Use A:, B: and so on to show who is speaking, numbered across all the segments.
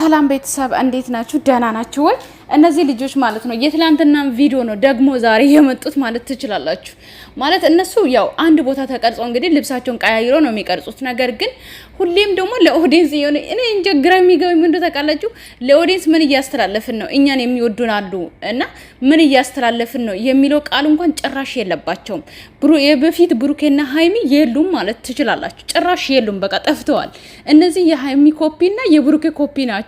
A: ሰላም ቤተሰብ እንዴት ናችሁ? ደህና ናችሁ ወይ? እነዚህ ልጆች ማለት ነው የትላንትና ቪዲዮ ነው ደግሞ ዛሬ የመጡት ማለት ትችላላችሁ። ማለት እነሱ ያው አንድ ቦታ ተቀርጾ እንግዲህ ልብሳቸውን ቀያይሮ ነው የሚቀርጹት። ነገር ግን ሁሌም ደግሞ ለኦዲንስ የሆነ እኔ እንጀ ግራ የሚገባኝ ምንድን ታውቃላችሁ? ለኦዲንስ ምን እያስተላለፍን ነው? እኛን የሚወዱን አሉ እና ምን እያስተላለፍን ነው የሚለው ቃል እንኳን ጭራሽ የለባቸውም። የበፊት ብሩኬና ሀይሚ የሉም ማለት ትችላላችሁ። ጭራሽ የሉም፣ በቃ ጠፍተዋል። እነዚህ የሀይሚ ኮፒ እና የብሩኬ ኮፒ ናቸው።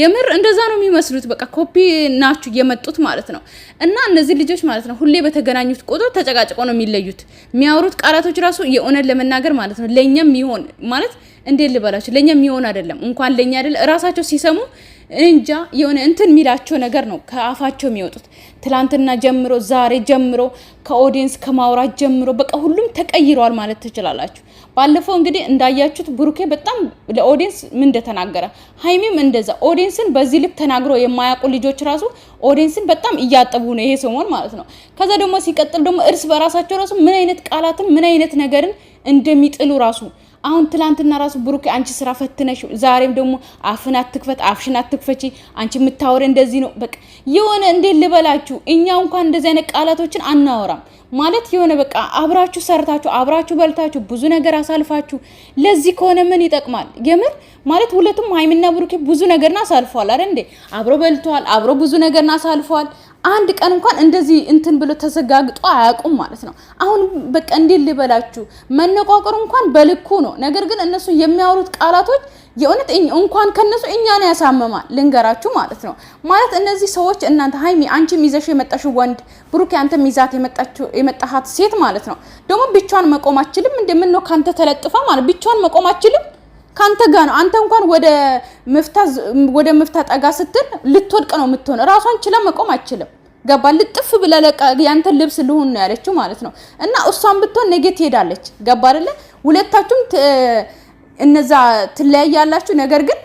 A: የምር እንደዛ ነው የሚመስሉት። በቃ ኮፒ ናችሁ የመጡት ማለት ነው። እና እነዚህ ልጆች ማለት ነው ሁሌ በተገናኙት ቁጥር ተጨቃጭቆ ነው የሚለዩት። የሚያወሩት ቃላቶች ራሱ የእውነት ለመናገር ማለት ነው ለእኛም ይሆን ማለት እንዴት ልበላቸው፣ ለእኛም ይሆን አይደለም እንኳን ለእኛ አይደለም እራሳቸው ሲሰሙ እንጃ የሆነ እንትን የሚላቸው ነገር ነው ከአፋቸው የሚወጡት። ትላንትና ጀምሮ ዛሬ ጀምሮ ከኦዲየንስ ከማውራት ጀምሮ በቃ ሁሉም ተቀይረዋል ማለት ትችላላችሁ። ባለፈው እንግዲህ እንዳያችሁት ብሩኬ በጣም ለኦዲንስ ምን እንደተናገረ ሀይሚም እንደዛ ኦዲንስን በዚህ ልክ ተናግሮ የማያውቁ ልጆች ራሱ ኦዲንስን በጣም እያጠቡ ነው ይሄ ሰሞን ማለት ነው። ከዛ ደግሞ ሲቀጥል ደግሞ እርስ በራሳቸው ራሱ ምን አይነት ቃላትን ምን አይነት ነገርን እንደሚጥሉ ራሱ አሁን ትላንትና ራሱ ብሩኬ አንቺ ስራ ፈትነሽ፣ ዛሬም ደግሞ አፍን አትክፈት፣ አፍሽን አትክፈቺ፣ አንቺ የምታወሪ እንደዚህ ነው። በቃ የሆነ እንዴት ልበላችሁ፣ እኛ እንኳን እንደዚህ አይነት ቃላቶችን አናወራም ማለት የሆነ በቃ አብራችሁ ሰርታችሁ አብራችሁ በልታችሁ ብዙ ነገር አሳልፋችሁ ለዚህ ከሆነ ምን ይጠቅማል? የምር ማለት ሁለቱም ሀይሚና ብሩኬ ብዙ ነገርን አሳልፈዋል አይደል እንዴ? አብሮ በልተዋል፣ አብሮ ብዙ ነገርን አሳልፈዋል። አንድ ቀን እንኳን እንደዚህ እንትን ብሎ ተዘጋግጦ አያውቁም ማለት ነው። አሁን በቃ እንዴት ልበላችሁ መነቋቀሩ እንኳን በልኩ ነው። ነገር ግን እነሱ የሚያወሩት ቃላቶች የእውነት እንኳን ከነሱ እኛን ያሳምማል። ልንገራችሁ ማለት ነው። ማለት እነዚህ ሰዎች እናንተ ሀይሚ አንቺም ይዘሽ የመጣሽ ወንድ ብሩክ፣ አንተም ይዛት የመጣሃት ሴት ማለት ነው። ደግሞ ብቻዋን መቆም አችልም እንደምን ነው ካንተ ተለጥፈ ማለት ብቻዋን መቆም አችልም ካንተ ጋር ነው። አንተ እንኳን ወደ መፍታ ወደ መፍታ ጠጋ ስትል ልትወድቅ ነው የምትሆን። ራሷን ችላ መቆም አችልም። ገባ ልጥፍ ብለህ ያንተ ልብስ ልሁን ነው ያለችው ማለት ነው። እና እሷን ብትሆን ነገ ትሄዳለች። ገባ አይደለ? ሁለታችሁም እነዛ ትለያያላችሁ። ነገር ግን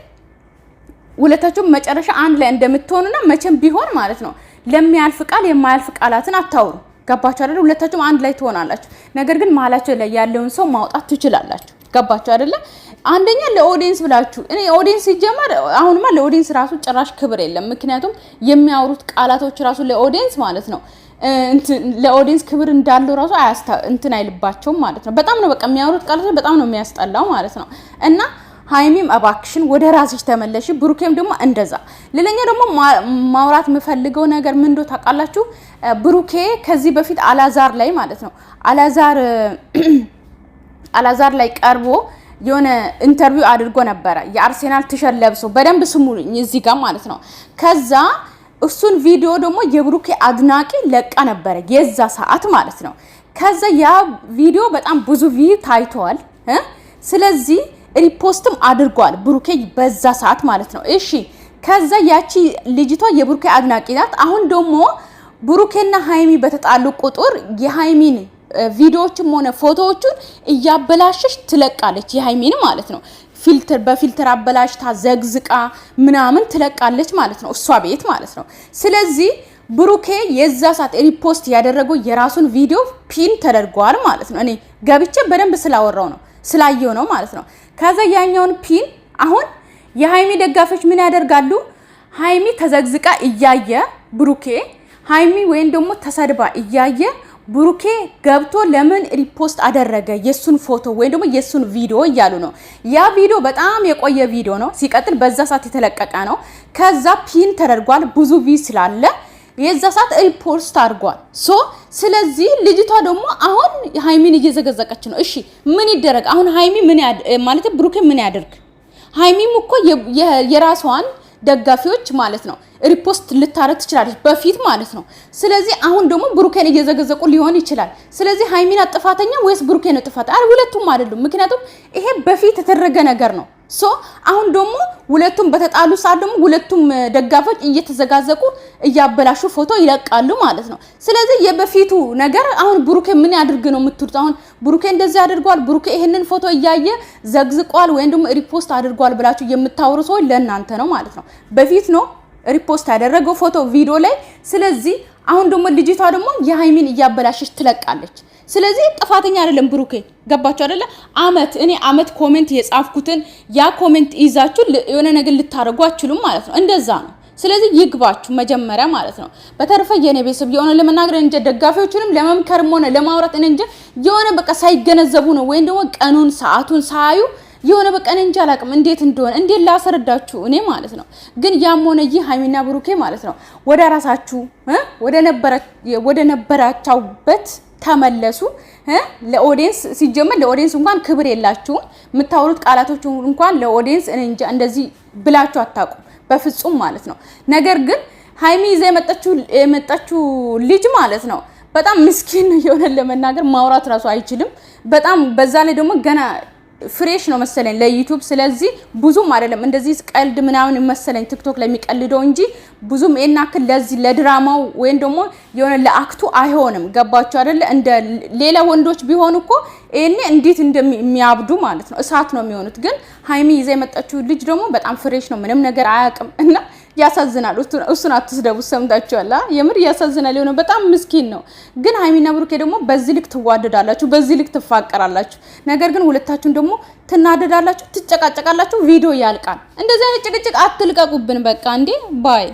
A: ሁለታችሁም መጨረሻ አንድ ላይ እንደምትሆኑና መቼም ቢሆን ማለት ነው ለሚያልፍ ቃል የማያልፍ ቃላትን አታውሩ። ገባችሁ አይደለ? ሁለታችሁም አንድ ላይ ትሆናላችሁ። ነገር ግን መሀላቸው ላይ ያለውን ሰው ማውጣት ትችላላችሁ። ገባችሁ አይደለ? አንደኛ ለኦዲየንስ ብላችሁ እኔ ኦዲንስ ሲጀመር አሁንማ ለኦዲንስ ራሱ ጭራሽ ክብር የለም። ምክንያቱም የሚያወሩት ቃላቶች ራሱ ለኦዲንስ ማለት ነው ለኦዲንስ ክብር እንዳለው ራሱ እንትን አይልባቸውም ማለት ነው። በጣም ነው በቃ የሚያወሩት ቃል በጣም ነው የሚያስጠላው ማለት ነው እና ሀይሚም እባክሽን ወደ ራስሽ ተመለሽ። ብሩኬም ደግሞ እንደዛ። ሌላኛው ደግሞ ማውራት የምፈልገው ነገር ምን እንደሆነ ታውቃላችሁ? ብሩኬ ከዚህ በፊት አላዛር ላይ ማለት ነው አላዛር አላዛር ላይ ቀርቦ የሆነ ኢንተርቪው አድርጎ ነበረ የአርሴናል ቲሸርት ለብሶ በደንብ ስሙ እዚህ ጋር ማለት ነው ከዛ እሱን ቪዲዮ ደግሞ የብሩኬ አድናቂ ለቃ ነበረ የዛ ሰዓት ማለት ነው። ከዛ ያ ቪዲዮ በጣም ብዙ ቪው ታይቷል። ስለዚህ ሪፖስትም አድርጓል ብሩኬ በዛ ሰዓት ማለት ነው። እሺ ከዛ ያቺ ልጅቷ የብሩኬ አድናቂ ናት። አሁን ደግሞ ብሩኬና ሀይሚ በተጣሉ ቁጥር የሀይሚን ቪዲዮዎችም ሆነ ፎቶዎቹን እያበላሸች ትለቃለች፣ የሀይሚን ማለት ነው። ፊልተር በፊልተር አበላሽታ ዘግዝቃ ምናምን ትለቃለች ማለት ነው፣ እሷ ቤት ማለት ነው። ስለዚህ ብሩኬ የዛ ሰዓት ሪፖስት ያደረገው የራሱን ቪዲዮ ፒን ተደርጓል ማለት ነው። እኔ ገብቼ በደንብ ስላወራው ነው ስላየው ነው ማለት ነው። ከዛ ያኛውን ፒን አሁን የሃይሚ ደጋፊዎች ምን ያደርጋሉ? ሃይሚ ተዘግዝቃ እያየ ብሩኬ ሃይሚ ወይም ደግሞ ተሰድባ እያየ ብሩኬ ገብቶ ለምን ሪፖስት አደረገ የሱን ፎቶ ወይም ደግሞ የሱን ቪዲዮ እያሉ ነው። ያ ቪዲዮ በጣም የቆየ ቪዲዮ ነው። ሲቀጥል በዛ ሰዓት የተለቀቀ ነው። ከዛ ፒን ተደርጓል። ብዙ ቪ ስላለ የዛ ሰዓት ሪፖስት አድርጓል። ሶ ስለዚህ ልጅቷ ደግሞ አሁን ሃይሚን እየዘገዘቀች ነው። እሺ ምን ይደረግ አሁን? ሃይሚ ምን ማለት ብሩኬ ምን ያደርግ? ሃይሚም እኮ የራሷን ደጋፊዎች ማለት ነው ሪፖስት ልታረግ ትችላለች፣ በፊት ማለት ነው። ስለዚህ አሁን ደግሞ ብሩኬን እየዘገዘቁ ሊሆን ይችላል። ስለዚህ ሃይሚና ጥፋተኛ ወይስ ብሩኬን ጥፋት? አይ ሁለቱም አይደሉም። ምክንያቱም ይሄ በፊት የተደረገ ነገር ነው። ሶ አሁን ደግሞ ሁለቱም በተጣሉ ሰዓት ደግሞ ሁለቱም ደጋፎች እየተዘጋዘቁ እያበላሹ ፎቶ ይለቃሉ ማለት ነው። ስለዚህ የበፊቱ ነገር አሁን ብሩኬ ምን ያድርግ ነው የምትሉት? አሁን ብሩኬ እንደዚህ አድርጓል፣ ብሩኬ ይህንን ፎቶ እያየ ዘግዝቋል ወይም ደግሞ ሪፖስት አድርጓል ብላችሁ የምታወሩ ሰዎች ለእናንተ ነው ማለት ነው። በፊት ነው ሪፖስት ያደረገው ፎቶ ቪዲዮ ላይ። ስለዚህ አሁን ደግሞ ልጅቷ ደግሞ የሃይሚን እያበላሸች ትለቃለች። ስለዚህ ጥፋተኛ አይደለም ብሩኬ። ገባችሁ አይደለ? አመት እኔ አመት ኮሜንት የጻፍኩትን ያ ኮሜንት ይዛችሁ የሆነ ነገር ልታደርጉ አችሉም ማለት ነው። እንደዛ ነው። ስለዚህ ይግባችሁ መጀመሪያ ማለት ነው። በተረፈ የኔ ቤተሰብ የሆነ ለመናገር እንጂ ደጋፊዎችንም ለመምከርም ሆነ ለማውራት እንጂ የሆነ በቃ ሳይገነዘቡ ነው ወይም ደግሞ ቀኑን ሰዓቱን ሳያዩ የሆነ በቃ እኔ እንጃ አላውቅም እንዴት እንደሆነ እንዴት ላስረዳችሁ እኔ ማለት ነው። ግን ያም ሆነ ይህ ሀይሚና ብሩኬ ማለት ነው ወደ ራሳችሁ ወደ ነበራቻውበት ተመለሱ። ለኦዲንስ ሲጀመር ለኦዲንስ እንኳን ክብር የላችሁም። የምታወሩት ቃላቶች እንኳን ለኦዲየንስ እንጃ እንደዚህ ብላችሁ አታውቁም በፍጹም ማለት ነው። ነገር ግን ሀይሚ ይዘ የመጣችው ልጅ ማለት ነው በጣም ምስኪን የሆነ ለመናገር ማውራት ራሱ አይችልም። በጣም በዛ ላይ ደግሞ ገና ፍሬሽ ነው መሰለኝ ለዩቲዩብ። ስለዚህ ብዙም አይደለም እንደዚህ ቀልድ ምናምን መሰለኝ ቲክቶክ ለሚቀልደው እንጂ ብዙም ይናክል ለዚህ ለድራማው ወይም ደግሞ የሆነ ለአክቱ አይሆንም። ገባችሁ አይደለ? እንደ ሌላ ወንዶች ቢሆኑ እኮ ይሄኔ እንዴት እንደሚያብዱ ማለት ነው፣ እሳት ነው የሚሆኑት። ግን ሀይሚ ይዛ የመጣችው ልጅ ደግሞ በጣም ፍሬሽ ነው፣ ምንም ነገር አያውቅም እና ያሳዝናል። እሱን አትስደቡ፣ ሰምታችኋላ። የምር ያሳዝናል። የሆነ በጣም ምስኪን ነው። ግን ሀይሚና ብሩኬ ደግሞ በዚህ ልክ ትዋደዳላችሁ፣ በዚህ ልክ ትፋቀራላችሁ። ነገር ግን ሁለታችሁን ደግሞ ትናደዳላችሁ፣ ትጨቃጨቃላችሁ፣ ቪዲዮ ያልቃል። እንደዚህ አይነት ጭቅጭቅ አትልቀቁብን። በቃ እንዴ ባይ